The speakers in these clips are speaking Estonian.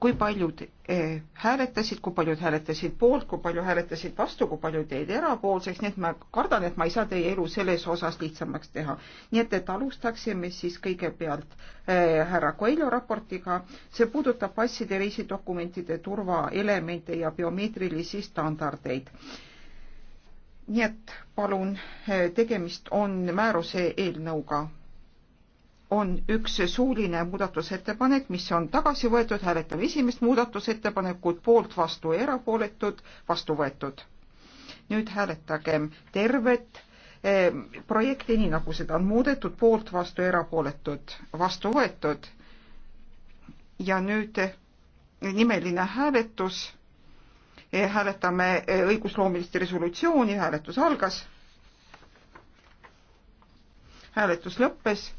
kui paljud eh, hääletasid, kui paljud hääletasid poolt, kui palju hääletasid vastu, kui paljud jäid erapoolseks, nii et ma kardan, et ma ei saa teie elu selles osas lihtsamaks teha. nii et, et alustaksime siis kõigepealt äh, härra Coelho raportiga, see puudutab passide, reisidokumentide turvaelemente ja biomeetrilisi standardeid. nii et palun, eh, tegemist on määruse eelnõuga on üks suuline muudatusettepanek, mis on tagasi võetud, hääletame esimest muudatusettepanekut, poolt, vastu, erapooletud, vastu võetud. nüüd hääletagem tervet eh, projekti, nii nagu seda on muudetud, poolt, vastu, erapooletud, vastu võetud. ja nüüd eh, nimeline hääletus eh,. hääletame eh, õigusloomilist resolutsiooni, hääletus algas. hääletus lõppes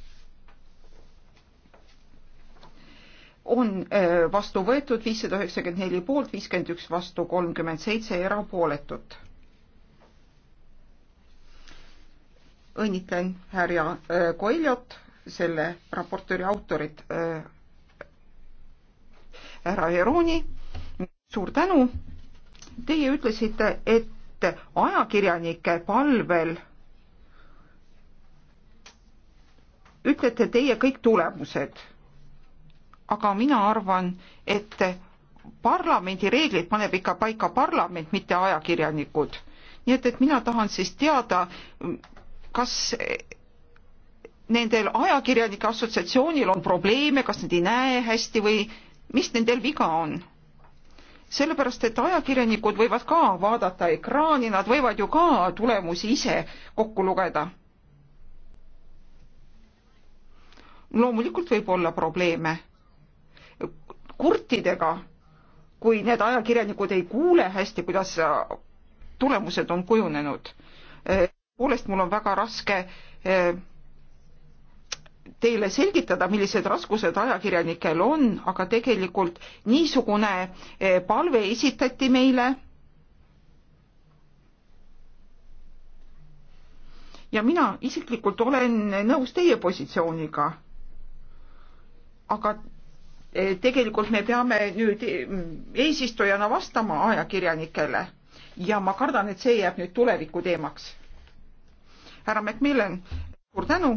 on äh, vastu võetud viissada üheksakümmend neli poolt, viiskümmend üks vastu, kolmkümmend seitse erapooletut. õnnitlen härja äh, Koiljot, selle raportööri autorit, äh, härra Jerooni. suur tänu. Teie ütlesite, et ajakirjanike palvel ütlete teie kõik tulemused aga mina arvan, et parlamendi reeglid paneb ikka paika parlament, mitte ajakirjanikud. nii et, et mina tahan siis teada, kas nendel ajakirjanike assotsiatsioonil on probleeme, kas nad ei näe hästi või mis nendel viga on? sellepärast, et ajakirjanikud võivad ka vaadata ekraani, nad võivad ju ka tulemusi ise kokku lugeda. loomulikult võib olla probleeme kurtidega, kui need ajakirjanikud ei kuule hästi, kuidas tulemused on kujunenud. Eh, poolest mul on väga raske eh, teile selgitada, millised raskused ajakirjanikel on, aga tegelikult niisugune eh, palve esitati meile. ja mina isiklikult olen nõus teie positsiooniga. aga Eh, tegelikult me peame nüüd mm, eesistujana vastama ajakirjanikele ja ma kardan, et see jääb nüüd tuleviku teemaks. härra Macmillan, suur tänu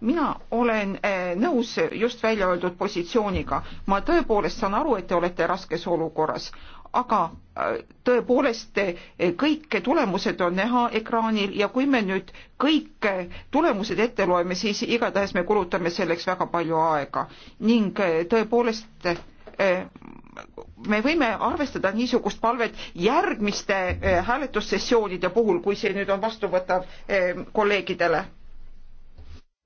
mina olen eh, nõus just välja öeldud positsiooniga. ma tõepoolest saan aru, et te olete raskes olukorras, aga äh, tõepoolest äh, kõik tulemused on näha ekraanil ja kui me nüüd kõik äh, tulemused ette loeme, siis igatahes me kulutame selleks väga palju aega ning tõepoolest me võime arvestada niisugust palvet järgmiste hääletussessioonide puhul, kui see nüüd on vastuvõtav kolleegidele.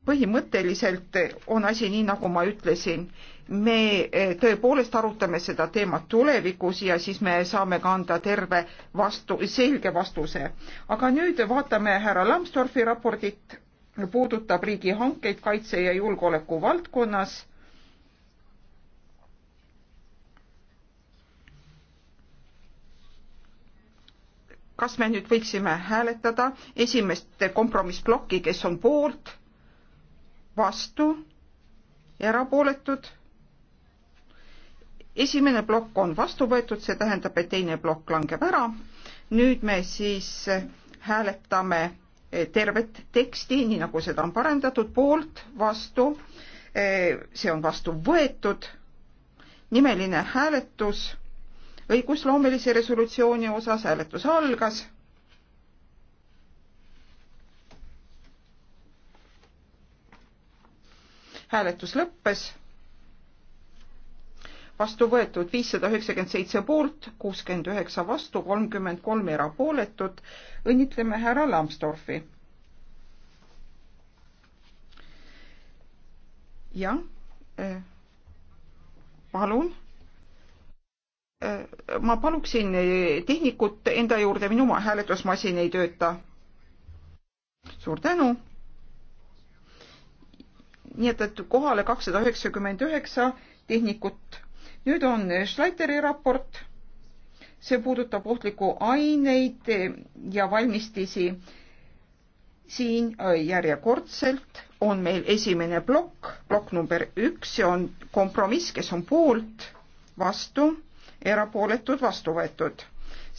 põhimõtteliselt on asi nii, nagu ma ütlesin me eh, tõepoolest arutame seda teemat tulevikus ja siis me saame ka anda terve vastu, selge vastuse. aga nüüd vaatame härra Lambsdorfi raportit, puudutab riigihankeid kaitse ja julgeoleku valdkonnas. kas me nüüd võiksime hääletada esimest kompromissplokki, kes on poolt, vastu, erapooletud esimene plokk on vastu võetud, see tähendab, et teine plokk langeb ära. nüüd me siis hääletame eh, tervet teksti, nii nagu seda on parendatud, poolt, vastu, eh, see on vastu võetud, nimeline hääletus, õigusloomelise resolutsiooni osas hääletus algas hääletus lõppes vastu võetud viissada üheksakümmend seitse poolt, kuuskümmend üheksa vastu, kolmkümmend kolm erapooletut. õnnitleme härra Lambsdorfi. jah äh,, palun äh,. ma paluksin tehnikut enda juurde, minu hääletusmasin ei tööta. suur tänu nii et, et kohale kakssada üheksakümmend üheksa tehnikut nüüd on Schleiteri raport, see puudutab ohtlikku aineid ja valmistisi. siin äh, järjekordselt on meil esimene plokk, plokk number üks, see on kompromiss, kes on poolt, vastu, erapooletud, vastu võetud.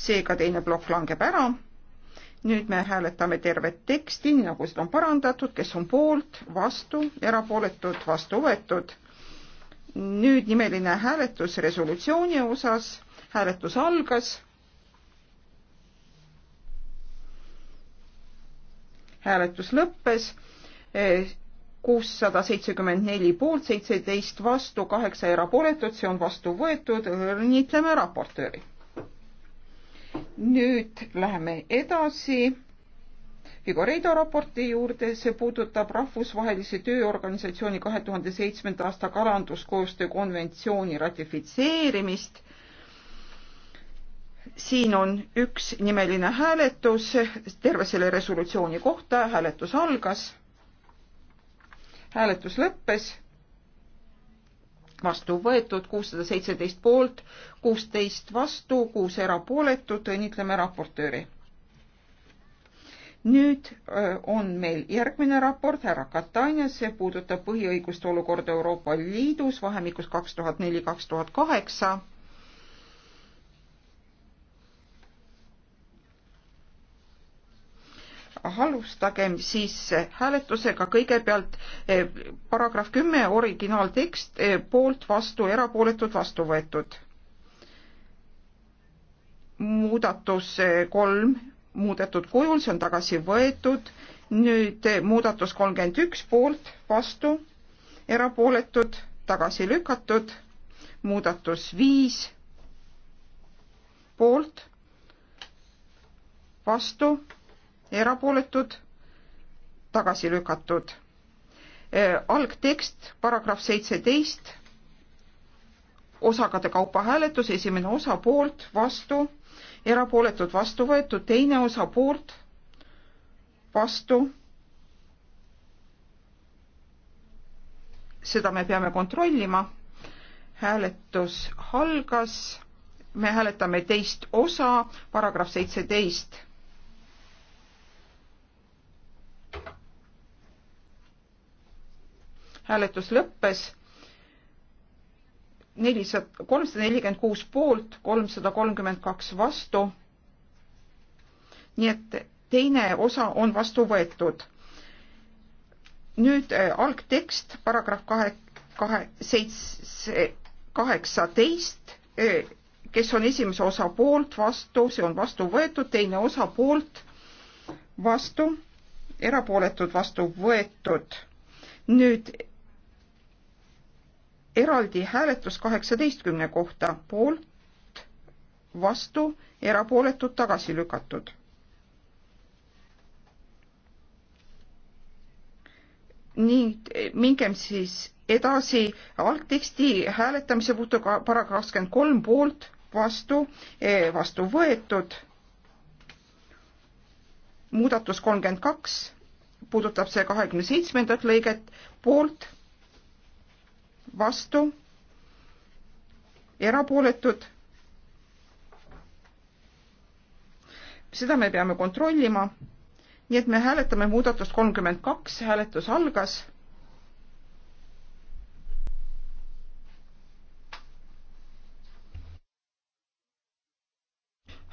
seega teine plokk langeb ära. nüüd me hääletame tervet teksti, nii nagu seda on parandatud, kes on poolt, vastu, erapooletud, vastu võetud nüüd nimeline hääletus resolutsiooni osas. hääletus algas. hääletus lõppes. Eh, kuussada seitsekümmend neli poolt, seitseteist vastu, kaheksa erapooletut, see on vastu võetud. õnnitleme raportööri. nüüd läheme edasi Vigoreido raporti juurde, see puudutab Rahvusvahelise Tööorganisatsiooni kahe tuhande seitsmenda aasta kalanduskoostöö konventsiooni ratifitseerimist. siin on üks nimeline hääletus terve selle resolutsiooni kohta, hääletus algas, hääletus lõppes vastu võetud, kuussada seitseteist poolt, kuusteist vastu, kuus erapooletut, õnnitleme raportööri nüüd äh, on meil järgmine raport härra Katanias, see puudutab põhiõiguste olukorda Euroopa Liidus vahemikus kaks tuhat neli, kaks tuhat kaheksa. alustagem siis äh, hääletusega kõigepealt äh, paragrahv kümme originaaltekst poolt vastu, erapooletud vastu võetud. muudatus kolm muudetud kujul, see on tagasi võetud. nüüd muudatus kolmkümmend üks poolt, vastu, erapooletud, tagasi lükatud. muudatus viis poolt, vastu, erapooletud, tagasi lükatud. Äh, algtekst, paragrahv seitseteist, osakade kaupa hääletus, esimene osa poolt, vastu erapooletud vastu võetud, teine osa poolt, vastu. seda me peame kontrollima. hääletus algas, me hääletame teist osa, paragrahv seitseteist. hääletus lõppes nelisada, kolmsada nelikümmend kuus poolt, kolmsada kolmkümmend kaks vastu. nii et teine osa on vastu võetud. nüüd äh, algtekst, paragrahv kahe, kahe, seitse, kaheksateist, äh, kes on esimese osa poolt, vastu, see on vastu võetud, teine osa poolt, vastu, erapooletud, vastu võetud. nüüd eraldi hääletus kaheksateistkümne kohta poolt, vastu, erapooletud, tagasi lükatud. nii, mingem siis edasi algteksti hääletamise puhul paragrahv kakskümmend kolm poolt, vastu, eh, vastu võetud. muudatus kolmkümmend kaks, puudutab see kahekümne seitsmendat lõiget, poolt vastu, erapooletud. seda me peame kontrollima. nii et me hääletame muudatust kolmkümmend kaks, hääletus algas.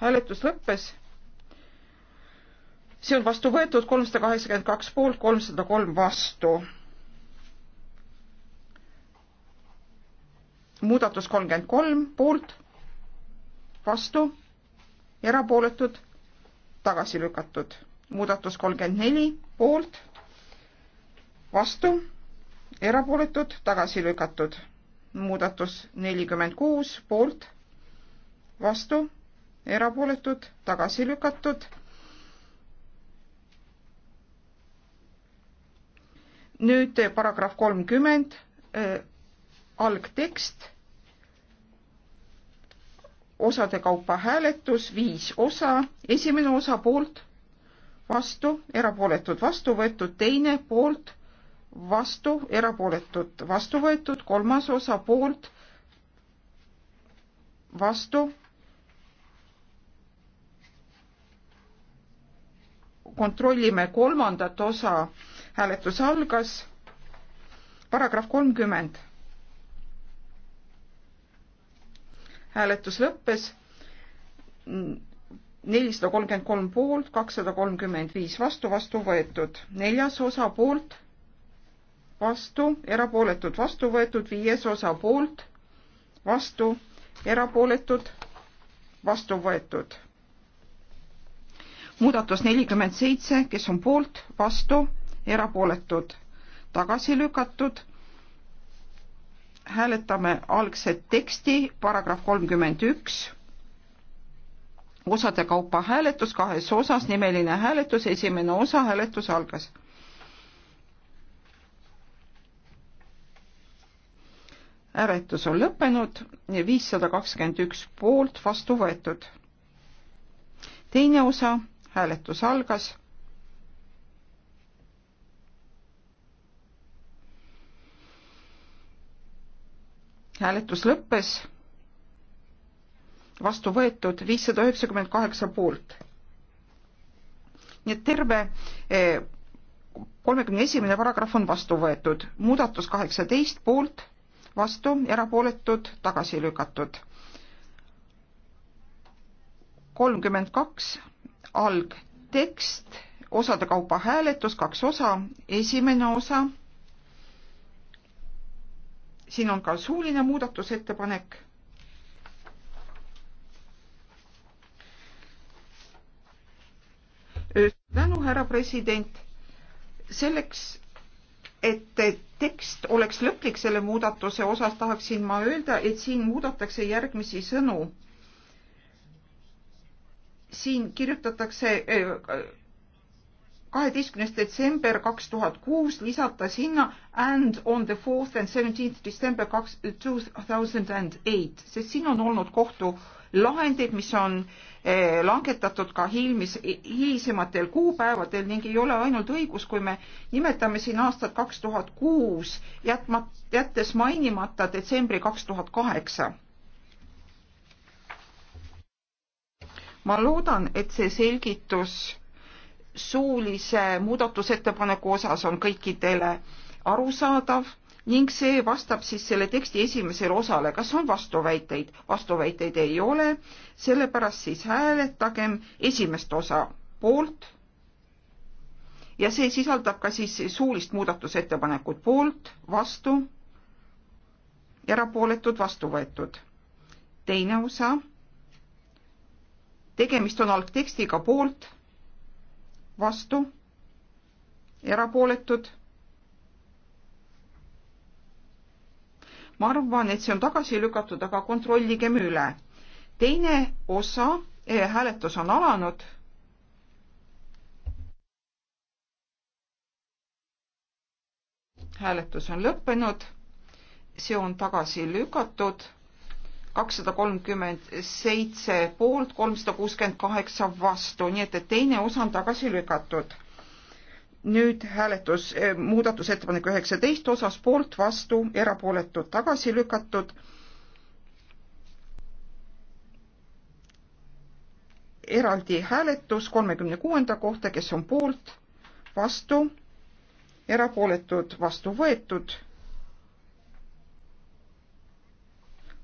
hääletus lõppes see on vastu võetud kolmsada kaheksakümmend kaks poolt kolmsada kolm vastu muudatus kolmkümmend kolm poolt, vastu, erapooletud, tagasi lükatud. muudatus kolmkümmend neli poolt, vastu, erapooletud, tagasi lükatud. muudatus nelikümmend kuus poolt, vastu, erapooletud, tagasi lükatud. nüüd eh, paragrahv kolmkümmend eh, algtekst osade kaupa hääletus, viis osa, esimene osa poolt, vastu, erapooletud, vastu võetud, teine poolt, vastu, erapooletud, vastu võetud, kolmas osa poolt, vastu, kontrollime kolmandat osa, hääletus algas, paragrahv kolmkümmend hääletus lõppes. nelisada kolmkümmend kolm poolt, kakssada kolmkümmend viis vastu, vastu võetud. neljas osa poolt, vastu, erapooletud, vastu võetud. viies osa poolt, vastu, erapooletud, vastu võetud. muudatus nelikümmend seitse, kes on poolt, vastu, erapooletud, tagasi lükatud hääletame algset teksti, paragrahv kolmkümmend üks, osade kaupa hääletus kahes osas, nimeline hääletus, esimene osa, hääletus algas. hääletus on lõppenud, viissada kakskümmend üks poolt vastu võetud. teine osa, hääletus algas hääletus lõppes. vastu võetud viissada üheksakümmend kaheksa poolt. nii et terve eh, kolmekümne esimene paragrahv on vastu võetud, muudatus kaheksateist poolt, vastu, erapooletud, tagasi lükatud. kolmkümmend kaks algtekst, osade kaupa hääletus, kaks osa, esimene osa siin on ka suuline muudatusettepanek. tänu, härra president. selleks, et tekst oleks lõplik selle muudatuse osas, tahaksin ma öelda, et siin muudetakse järgmisi sõnu. siin kirjutatakse kaheteistkümnes detsember kaks tuhat kuus lisata sinna and on the fourth and seventeenth December kaks thousand and eight, sest siin on olnud kohtulahendeid, mis on eh, langetatud ka hilmis, hilisematel kuupäevadel ning ei ole ainult õigus, kui me nimetame siin aastat kaks tuhat kuus, jätma, jättes mainimata detsembri kaks tuhat kaheksa. ma loodan, et see selgitus suulise muudatusettepaneku osas on kõikidele arusaadav ning see vastab siis selle teksti esimesele osale. kas on vastuväiteid? vastuväiteid ei ole, sellepärast siis hääletagem esimest osa poolt ja see sisaldab ka siis suulist muudatusettepanekut poolt, vastu, erapooletud, vastu võetud. teine osa, tegemist on algtekstiga poolt vastu, erapooletud. ma arvan, et see on tagasi lükatud, aga kontrolligem üle. teine osa eh,, hääletus on alanud. hääletus on lõppenud, see on tagasi lükatud kakssada kolmkümmend seitse poolt, kolmsada kuuskümmend kaheksa vastu, nii et, et teine osa on tagasi lükatud. nüüd hääletus eh, muudatusettepaneku üheksateist osas poolt, vastu, erapooletud, tagasi lükatud. eraldi hääletus kolmekümne kuuenda kohta, kes on poolt, vastu, erapooletud, vastu võetud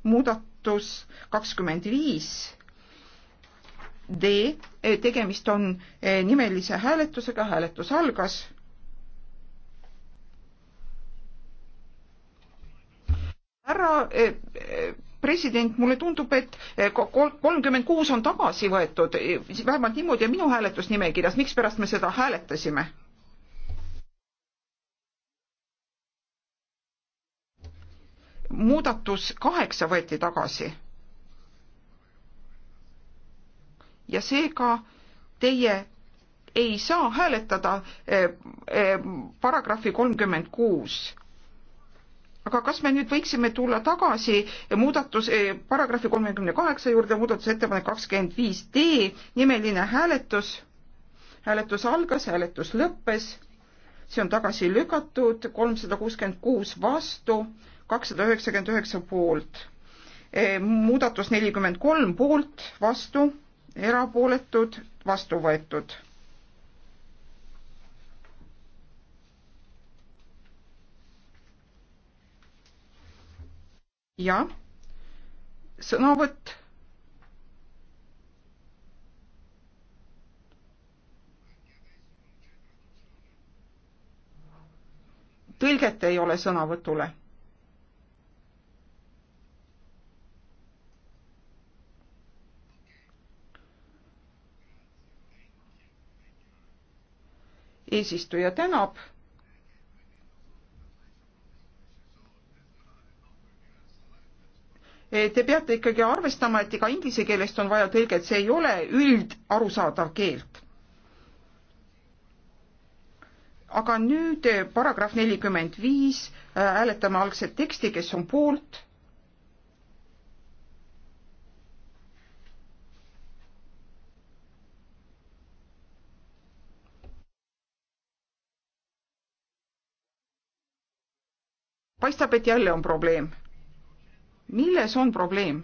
muudat-, muudatus kakskümmend viis D, eh, tegemist on eh, nimelise hääletusega, hääletus algas. härra eh, president, mulle tundub, et kolmkümmend kuus on tagasi võetud, vähemalt niimoodi on minu hääletusnimekirjas, mikspärast me seda hääletasime? muudatus kaheksa võeti tagasi. ja seega teie ei saa hääletada eh, eh, paragrahvi kolmkümmend kuus. aga kas me nüüd võiksime tulla tagasi muudatus eh, paragrahvi kolmekümne kaheksa juurde, muudatusettepanek kakskümmend viis D, nimeline hääletus. hääletus algas, hääletus lõppes, see on tagasi lükatud, kolmsada kuuskümmend kuus vastu kakssada üheksakümmend üheksa poolt. E, muudatus nelikümmend kolm poolt, vastu, erapooletud, vastu võetud. ja sõnavõtt tõlget ei ole sõnavõtule eesistuja tänab. Eh, te peate ikkagi arvestama, et ega inglise keelest on vaja tõlget, see ei ole üldarusaadav keelt. aga nüüd eh, paragrahv nelikümmend viis, eh, hääletame algset teksti, kes on poolt paistab, et jälle on probleem. milles on probleem?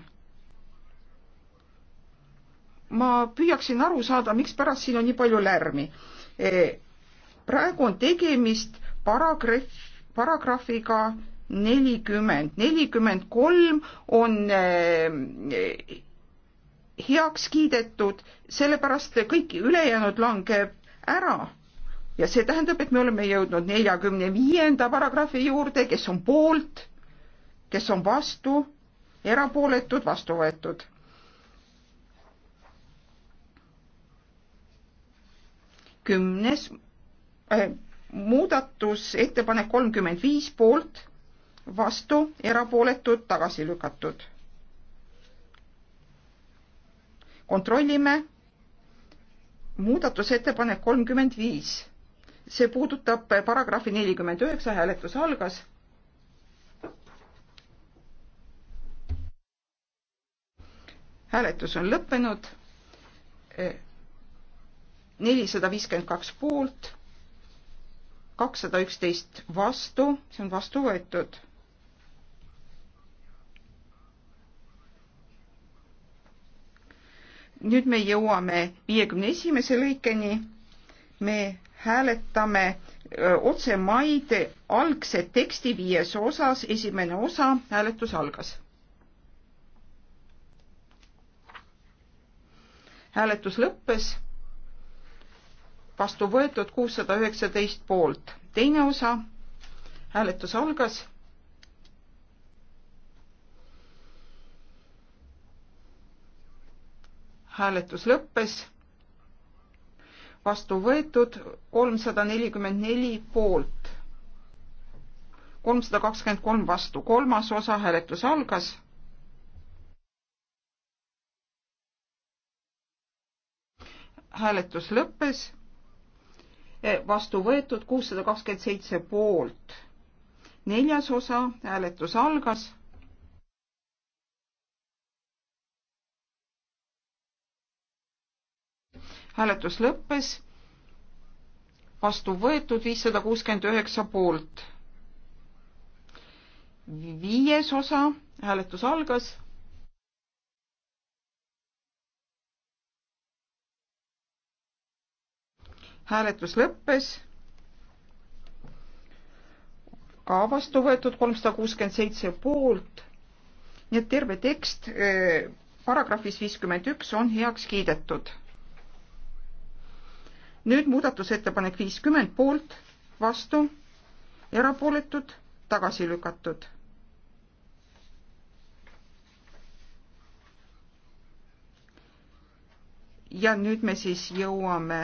ma püüaksin aru saada, mikspärast siin on nii palju lärmi. E, praegu on tegemist paragrahv, paragrahviga nelikümmend, nelikümmend kolm on e, e, heaks kiidetud, sellepärast kõik ülejäänud langeb ära ja see tähendab, et me oleme jõudnud neljakümne viienda paragrahvi juurde, kes on poolt, kes on vastu, erapooletud, vastu võetud. kümnes äh, muudatusettepanek kolmkümmend viis poolt, vastu, erapooletud, tagasi lükatud. kontrollime muudatusettepanek kolmkümmend viis see puudutab paragrahvi nelikümmend üheksa, hääletus algas. hääletus on lõppenud. nelisada viiskümmend kaks poolt, kakssada üksteist vastu, see on vastu võetud nüüd me jõuame viiekümne esimese lõikeni. me hääletame otse maid algset teksti viies osas, esimene osa, hääletus algas. hääletus lõppes, vastu võetud kuussada üheksateist poolt, teine osa, hääletus algas. hääletus lõppes vastu võetud, kolmsada nelikümmend neli poolt, kolmsada kakskümmend kolm vastu, kolmas osa hääletus algas. hääletus lõppes, e, vastu võetud kuussada kakskümmend seitse poolt, neljas osa hääletus algas hääletus lõppes, vastu võetud viissada kuuskümmend üheksa poolt. viies osa, hääletus algas. hääletus lõppes ka vastu võetud kolmsada kuuskümmend seitse poolt. nii et terve tekst eh, paragrahvis viiskümmend üks on heaks kiidetud nüüd muudatusettepanek viiskümmend poolt, vastu, erapooletud, tagasi lükatud. ja nüüd me siis jõuame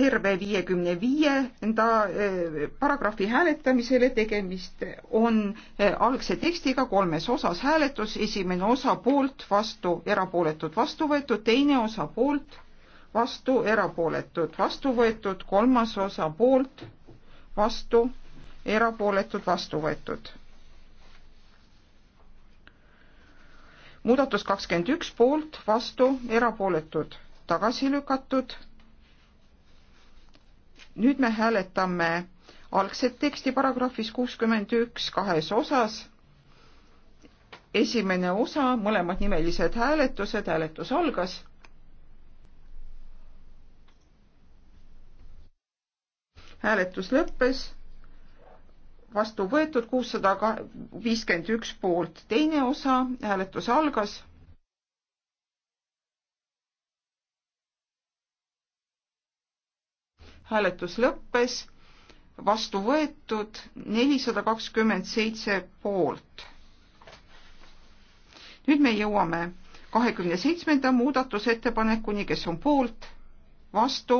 terve viiekümne viienda eh, paragrahvi hääletamisele, tegemist on eh, algse tekstiga kolmes osas hääletus, esimene osa poolt, vastu, erapooletud, vastu võetud, teine osa poolt vastu erapooletud, vastu võetud, kolmas osa poolt, vastu erapooletud, vastu võetud. muudatus kakskümmend üks poolt, vastu erapooletud, tagasi lükatud. nüüd me hääletame algset teksti paragrahvis kuuskümmend üks kahes osas. esimene osa, mõlemad nimelised hääletused, hääletus algas hääletus lõppes, vastu võetud kuussada viiskümmend üks poolt, teine osa, hääletus algas. hääletus lõppes, vastu võetud nelisada kakskümmend seitse poolt. nüüd me jõuame kahekümne seitsmenda muudatusettepanekuni, kes on poolt, vastu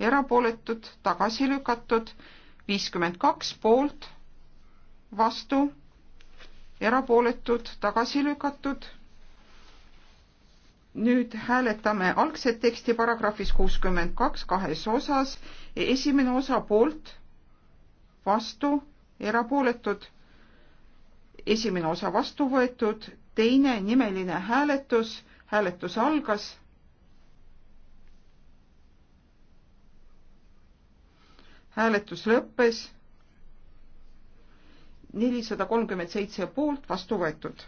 erapooletud, tagasi lükatud, viiskümmend kaks poolt, vastu, erapooletud, tagasi lükatud. nüüd hääletame algset teksti paragrahvis kuuskümmend kaks kahes osas, esimene osa poolt, vastu, erapooletud, esimene osa vastu võetud, teine nimeline hääletus, hääletus algas hääletus lõppes. nelisada kolmkümmend seitse poolt vastu võetud.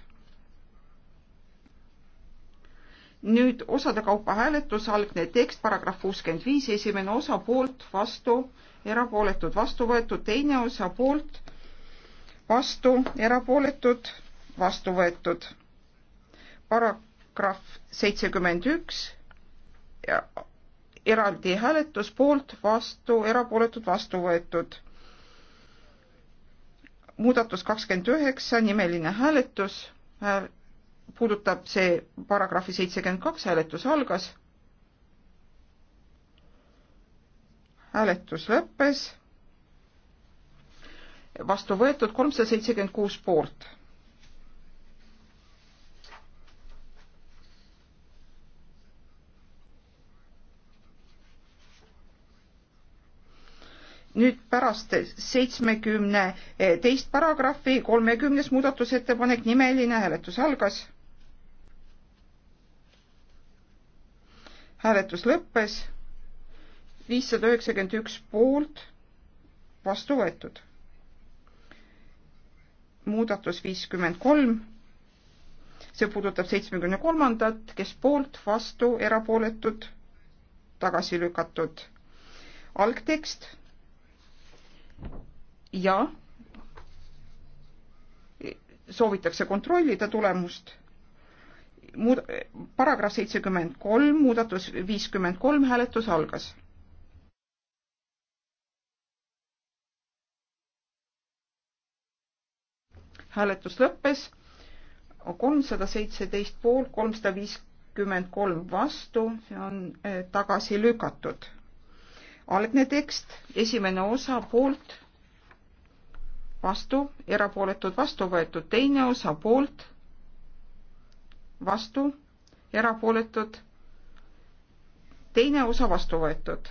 nüüd osade kaupa hääletus, algne tekst, paragrahv kuuskümmend viis, esimene osa poolt, vastu, erapooletud, vastu võetud, teine osa poolt, vastu, erapooletud, vastu võetud. paragrahv seitsekümmend üks ja eraldi hääletus poolt, vastu, erapooletud, vastu võetud. muudatus kakskümmend üheksa, nimeline hääletus, puudutab see paragrahvi seitsekümmend kaks, hääletus algas. hääletus lõppes. vastu võetud kolmsada seitsekümmend kuus poolt nüüd pärast seitsmekümne teist paragrahvi kolmekümnes muudatusettepanek, nimeline hääletus algas. hääletus lõppes, viissada üheksakümmend üks poolt, vastu võetud. muudatus viiskümmend kolm, see puudutab seitsmekümne kolmandat, kes poolt, vastu, erapooletud, tagasi lükatud. algtekst ja soovitakse kontrollida tulemust. Muud-, paragrahv seitsekümmend kolm, muudatus viiskümmend kolm, hääletus algas. hääletus lõppes kolmsada seitseteist poolt, kolmsada viiskümmend kolm vastu, see on eh, tagasi lükatud algne tekst, esimene osa poolt, vastu, erapooletud, vastu võetud, teine osa poolt, vastu, erapooletud, teine osa vastu võetud.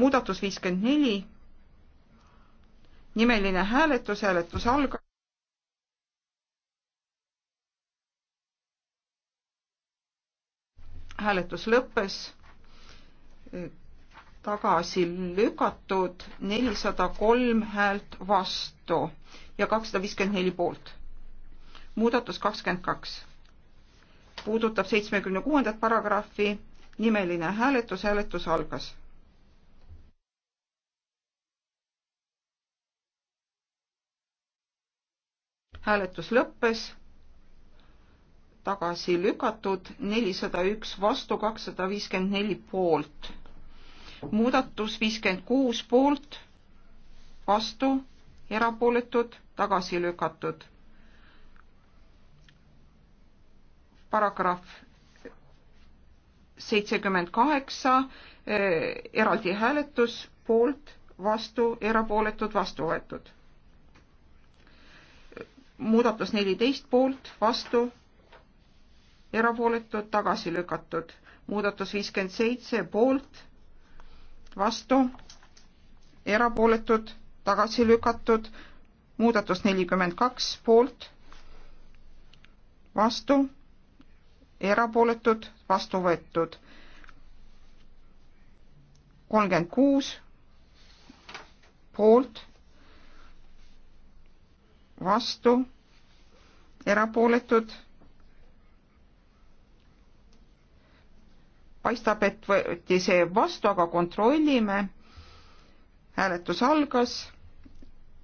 muudatus viiskümmend neli, nimeline hääletus, hääletus algab. hääletus lõppes tagasi lükatud, nelisada kolm häält vastu ja kakssada viiskümmend neli poolt. muudatus kakskümmend kaks puudutab seitsmekümne kuuendat paragrahvi, nimeline hääletus, hääletus algas. hääletus lõppes, tagasi lükatud, nelisada üks vastu, kakssada viiskümmend neli poolt muudatus viiskümmend kuus poolt, vastu, erapooletud, tagasi lükatud. paragrahv seitsekümmend kaheksa, eh, eraldi hääletus, poolt, vastu, erapooletud, vastu võetud. muudatus neliteist poolt, vastu, erapooletud, tagasi lükatud. muudatus viiskümmend seitse poolt vastu, erapooletud, tagasi lükatud, muudatus nelikümmend kaks poolt, vastu, erapooletud, vastu võetud. kolmkümmend kuus poolt, vastu, erapooletud paistab, et võeti see vastu, aga kontrollime. hääletus algas.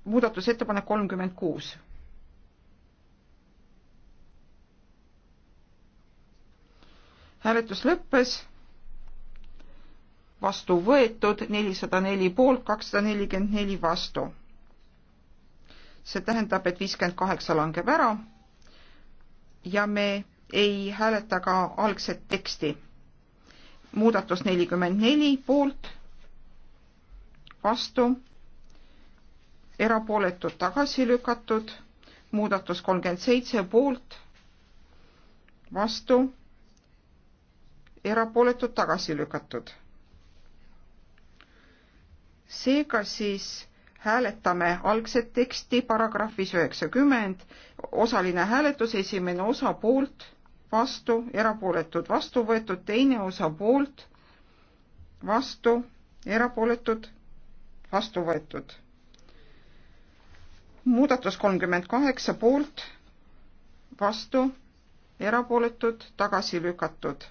muudatusettepanek kolmkümmend kuus. hääletus lõppes. vastu võetud nelisada neli poolt, kakssada nelikümmend neli vastu. see tähendab, et viiskümmend kaheksa langeb ära. ja me ei hääleta ka algset teksti muudatus nelikümmend neli poolt, vastu, erapooletud tagasi lükatud, muudatus kolmkümmend seitse poolt, vastu, erapooletud tagasi lükatud. seega siis hääletame algset teksti paragrahvis üheksakümmend, osaline hääletus, esimene osa poolt vastu, erapooletud, vastu võetud, teine osa poolt, vastu, erapooletud, vastu võetud. muudatus kolmkümmend kaheksa poolt, vastu, erapooletud, tagasi lükatud.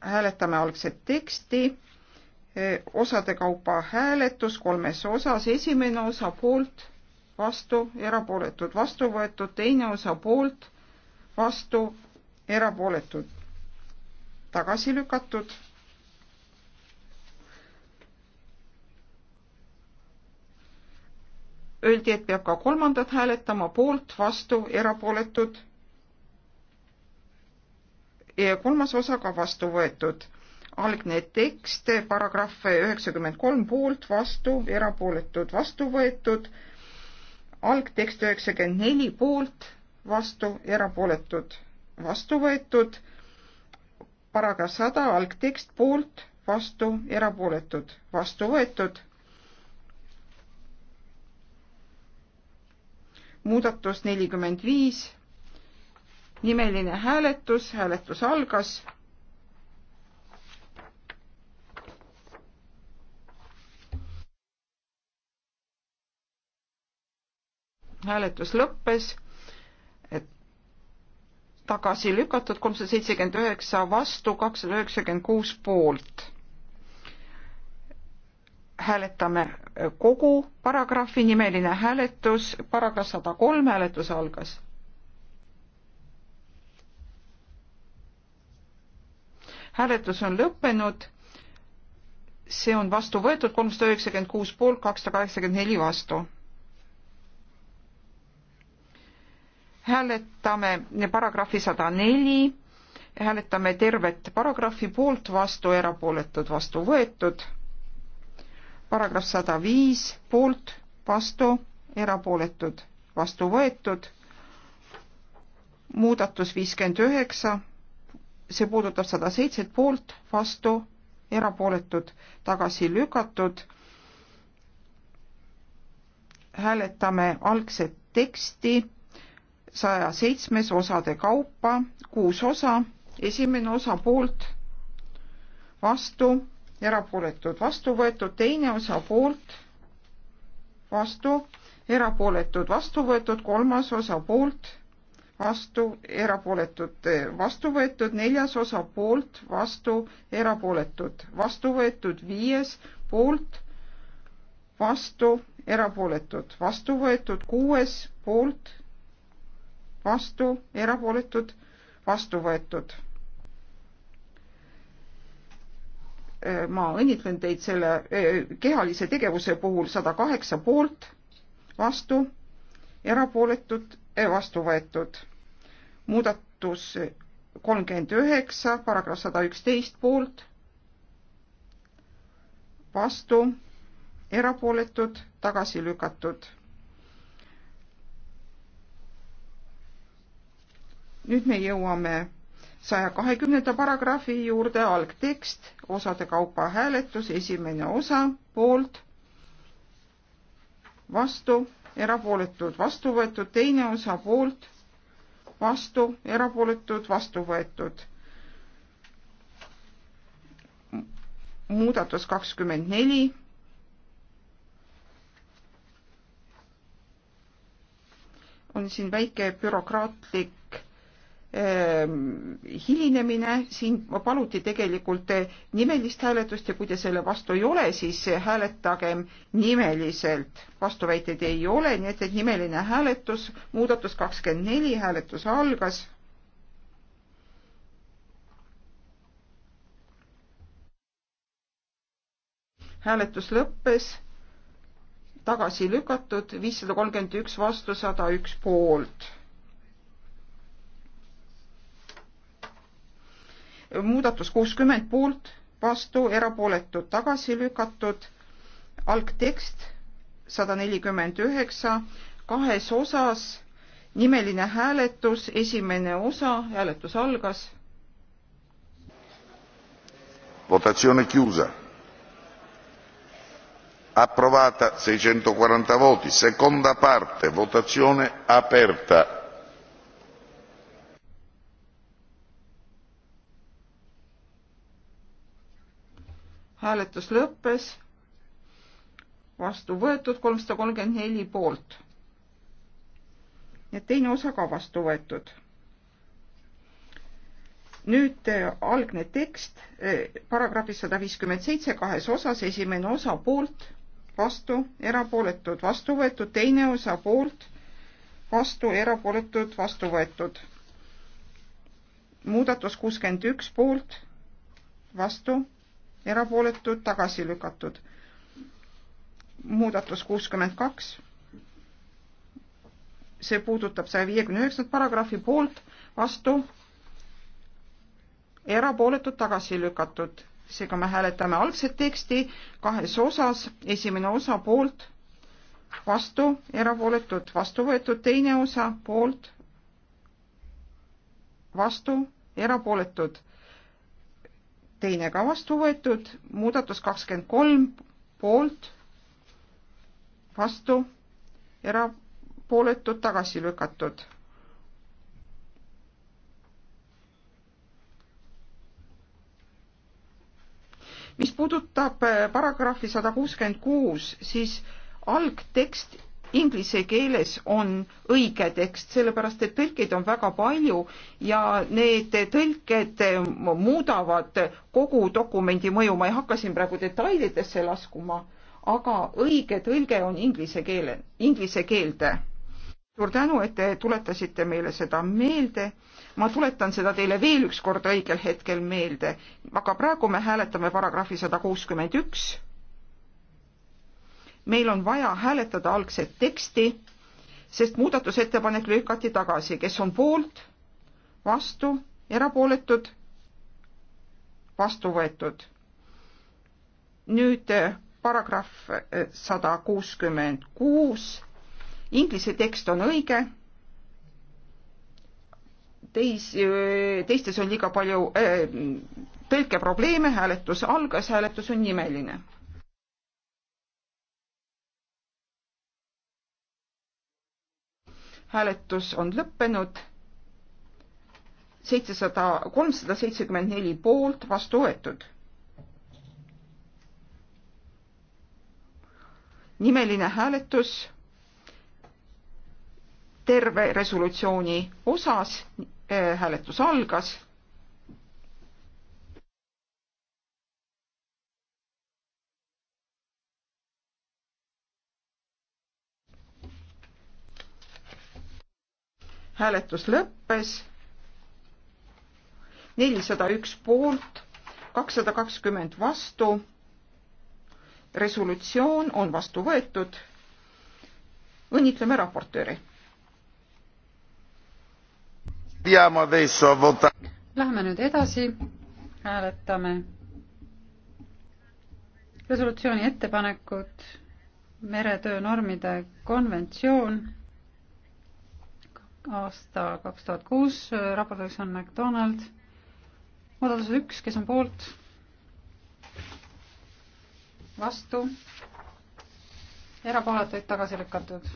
hääletame algset teksti, e, osade kaupa hääletus kolmes osas, esimene osa poolt, vastu, erapooletud, vastu võetud, teine osa poolt vastu, erapooletud, tagasi lükatud. Öeldi, et peab ka kolmandat hääletama, poolt, vastu, erapooletud. ja kolmas osa ka vastu võetud. algne tekst, paragrahv üheksakümmend kolm, poolt, vastu, erapooletud, vastu võetud. algtekst üheksakümmend neli, poolt vastu, erapooletud, vastu võetud. paragrahv sada, algtekst poolt, vastu, erapooletud, vastu võetud. muudatus nelikümmend viis, nimeline hääletus, hääletus algas. hääletus lõppes tagasi lükatud, kolmsada seitsekümmend üheksa vastu, kakssada üheksakümmend kuus poolt. hääletame kogu paragrahvi nimeline hääletus, paragrahv sada kolm, hääletus algas. hääletus on lõppenud. see on vastu võetud, kolmsada üheksakümmend kuus poolt, kakssada kaheksakümmend neli vastu hääletame paragrahvi sada neli, hääletame tervet paragrahvi poolt, vastu, erapooletud, vastu võetud. paragrahv sada viis poolt, vastu, erapooletud, vastu võetud. muudatus viiskümmend üheksa, see puudutab sada seitset poolt, vastu, erapooletud, tagasi lükatud. hääletame algset teksti saja seitsmes osade kaupa, kuus osa, esimene osa poolt, vastu, erapooletud, vastu võetud, teine osa poolt, vastu, erapooletud, vastu võetud, kolmas osa poolt, vastu, erapooletud, vastu võetud, neljas osa poolt, vastu, erapooletud, vastu võetud, viies poolt, vastu, erapooletud, vastu võetud, kuues poolt, vastu, erapooletud, vastu võetud. ma õnnitlen teid selle kehalise tegevuse puhul sada kaheksa poolt, vastu, erapooletud, vastu võetud. muudatus kolmkümmend üheksa, paragrahv sada üksteist poolt, vastu, erapooletud, tagasi lükatud nüüd me jõuame saja kahekümnenda paragrahvi juurde, algtekst, osade kaupa hääletus, esimene osa, poolt, vastu, erapooletud, vastu võetud, teine osa, poolt, vastu, erapooletud, vastu võetud. muudatus kakskümmend neli on siin väike bürokraatlik Ehm, hilinemine, siin paluti tegelikult eh, nimelist hääletust ja kui te selle vastu ei ole, siis eh, hääletagem nimeliselt. vastuväiteid ei ole, nii et, et nimeline hääletus, muudatus kakskümmend neli, hääletus algas. hääletus lõppes, tagasi lükatud, viissada kolmkümmend üks vastu, sada üks poolt muudatus kuuskümmend poolt, vastu, erapooletud, tagasi lükatud. algtekst sada nelikümmend üheksa, kahes osas nimeline hääletus, esimene osa, hääletus algas. Votazione chiusa. Approvata 640 voti. Seconda parte, votazione aperta hääletus lõppes. vastu võetud kolmsada kolmkümmend neli poolt. ja teine osa ka vastu võetud. nüüd äh, algne tekst äh, paragrahvis sada viiskümmend seitse kahes osas, esimene osa poolt, vastu, erapooletud, vastu võetud, teine osa poolt, vastu, erapooletud, vastu võetud. muudatus kuuskümmend üks poolt, vastu erapooletud, tagasi lükatud. muudatus kuuskümmend kaks. see puudutab saja viiekümne üheksandat paragrahvi poolt, vastu, erapooletud, tagasi lükatud. seega me hääletame algset teksti kahes osas, esimene osa poolt, vastu, erapooletud, vastu võetud, teine osa poolt, vastu, erapooletud teine ka vastu võetud, muudatus kakskümmend kolm poolt, vastu, erapooletud, tagasi lükatud. mis puudutab äh, paragrahvi sada kuuskümmend kuus, siis algtekst inglise keeles on õige tekst, sellepärast et tõlkeid on väga palju ja need tõlked muudavad kogu dokumendi mõju, ma ei hakka siin praegu detailidesse laskuma, aga õige tõlge on inglise keele, inglise keelde. suur tänu, et te tuletasite meile seda meelde. ma tuletan seda teile veel üks kord õigel hetkel meelde, aga praegu me hääletame paragrahvi sada kuuskümmend üks meil on vaja hääletada algset teksti, sest muudatusettepanek lükati tagasi, kes on poolt, vastu, erapooletud, vastu võetud. nüüd eh, paragrahv eh, sada kuuskümmend kuus, inglise tekst on õige, teis, eh, teistes on liiga palju äh, tõlkeprobleeme, hääletus algas, hääletus on nimeline hääletus on lõppenud. seitsesada, kolmsada seitsekümmend neli poolt, vastu võetud. nimeline hääletus terve resolutsiooni osas hääletus algas hääletus lõppes. nelisada üks poolt, kakssada kakskümmend vastu. resolutsioon on vastu võetud. õnnitleme raportööri. Läheme nüüd edasi, hääletame resolutsiooni ettepanekut meretöö normide konventsioon aasta kaks tuhat kuus, raportööriks on McDonald. muudatus üks, kes on poolt? vastu? erapooletuid tagasi lükatud.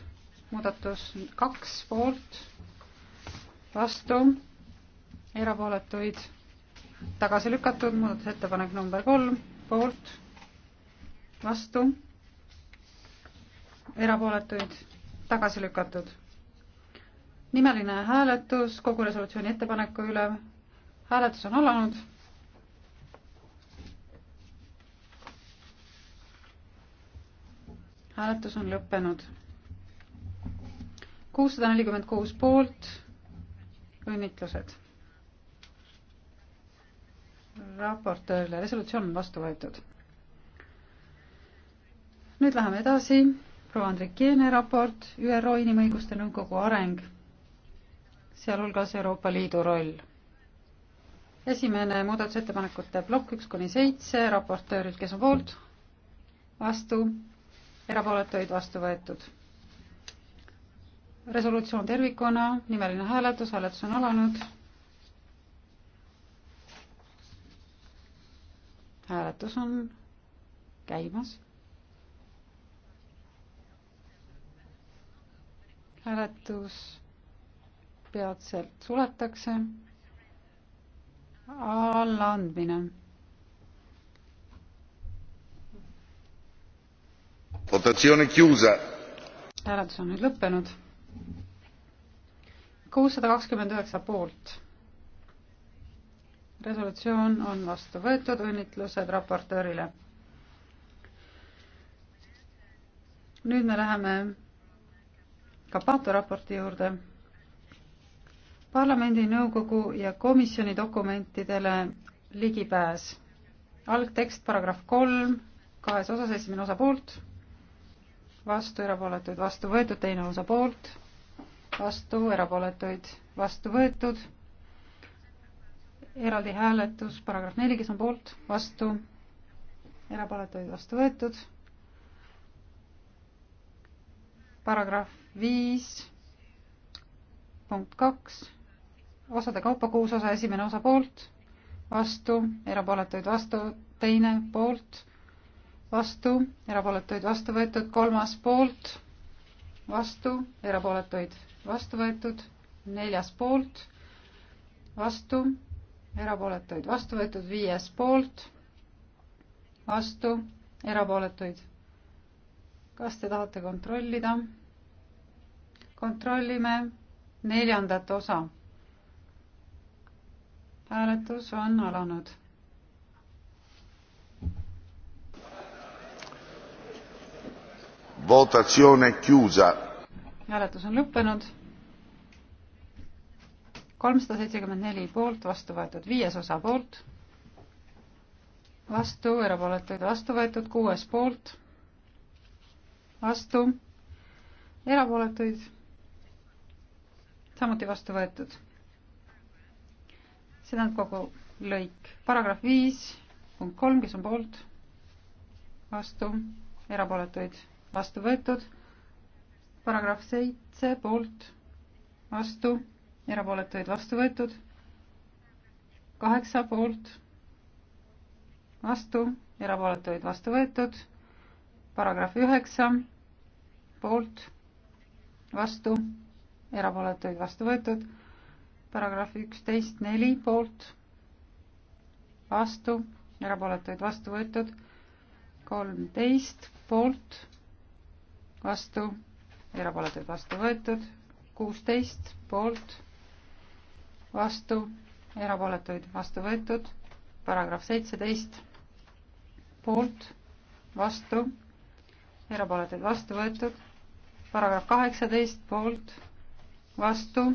muudatus kaks poolt, vastu, erapooletuid tagasi lükatud, muudatusettepanek number kolm poolt, vastu, erapooletuid tagasi lükatud nimeline hääletus kogu resolutsiooni ettepaneku üle. hääletus on alanud. hääletus on lõppenud. kuussada nelikümmend kuus poolt, õnnitlused. raportöörile, resolutsioon on vastu võetud. nüüd läheme edasi, proua Andrikiene raport, ÜRO Inimõiguste Nõukogu areng sealhulgas Euroopa Liidu roll. esimene muudatusettepanekute plokk üks kuni seitse, raportöörilt, kes on poolt, vastu, erapooletuid vastu võetud. resolutsioon tervikuna, nimeline hääletus, hääletus on alanud. hääletus on käimas. hääletus peatselt suletakse. allaandmine. hääletus on nüüd lõppenud. kuussada kakskümmend üheksa poolt. resolutsioon on vastu võetud, õnnitlused raportöörile. nüüd me läheme Kapato raporti juurde parlamendi, nõukogu ja komisjoni dokumentidele ligipääs. algtekst, paragrahv kolm, kahes osas, esimene osa poolt, vastu, erapooletuid, vastu võetud, teine osa poolt, vastu, erapooletuid, vastu võetud, eraldi hääletus, paragrahv neli, kes on poolt, vastu, erapooletuid, vastu võetud, paragrahv viis, punkt kaks osade kaupa kuus osa, esimene osa poolt, vastu, erapooletuid vastu, teine poolt, vastu, erapooletuid vastu võetud, kolmas poolt, vastu, erapooletuid vastu võetud, neljas poolt, vastu, erapooletuid vastu võetud, viies poolt, vastu, erapooletuid. kas te tahate kontrollida? kontrollime neljandat osa hääletus on alanud. Votazione chiusa. hääletus on lõppenud. kolmsada seitsekümmend neli poolt, vastu võetud viies osa poolt, vastu, erapooletuid vastu võetud kuues poolt, vastu erapooletuid samuti vastu võetud see tähendab kogu lõik. paragrahv viis, punkt kolm, kes on poolt, vastu, erapooletuid, vastu võetud. paragrahv seitse, poolt, vastu, erapooletuid, vastu võetud. kaheksa poolt, vastu, erapooletuid, vastu võetud. paragrahv üheksa, poolt, vastu, erapooletuid, vastu võetud paragrahv üksteist neli poolt, vastu, erapooletuid vastu võetud, kolmteist poolt, vastu, erapooletuid vastu võetud, kuusteist poolt, vastu, erapooletuid vastu võetud, paragrahv seitseteist poolt, vastu, erapooletuid vastu võetud, paragrahv kaheksateist poolt, vastu,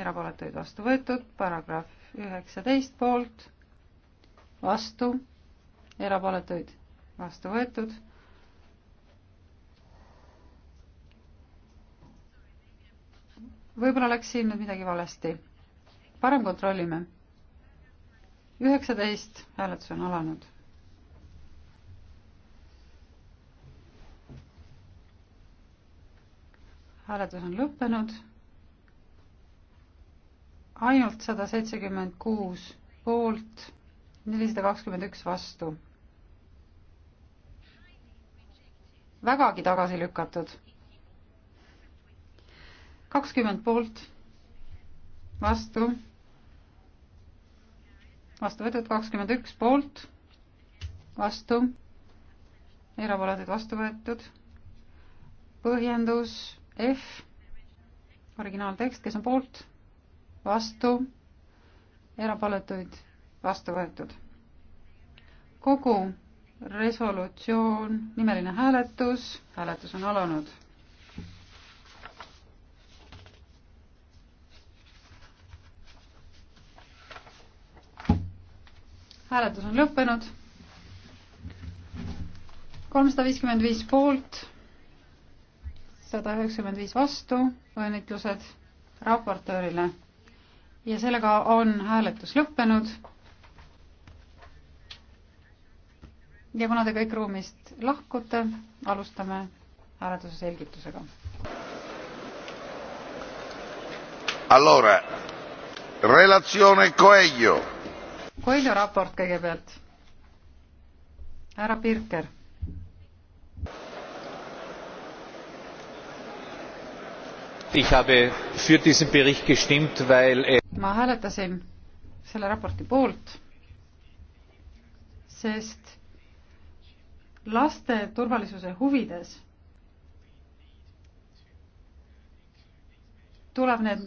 erapooletuid vastu võetud, paragrahv üheksateist poolt, vastu, erapooletuid vastu võetud. võib-olla läks siin nüüd midagi valesti. parem kontrollime. üheksateist, hääletus on alanud hääletus on lõppenud ainult sada seitsekümmend kuus poolt, nelisada kakskümmend üks vastu. vägagi tagasi lükatud. kakskümmend poolt, vastu, vastu võetud kakskümmend üks poolt, vastu, erapooletuid vastu võetud, põhjendus F, originaaltekst, kes on poolt vastu, erapooletuid vastu võetud. kogu resolutsioon, nimeline hääletus, hääletus on alanud. hääletus on lõppenud. kolmsada viiskümmend viis poolt, sada üheksakümmend viis vastu, õnnitlused raportöörile ja sellega on hääletus lõppenud. ja kuna te kõik ruumist lahkute, alustame hääletuse selgitusega. Allora, relatsioone Coelho. Coelho raport kõigepealt. härra Pirker Er ma hääletasin selle raporti poolt, sest laste turvalisuse huvides tuleb need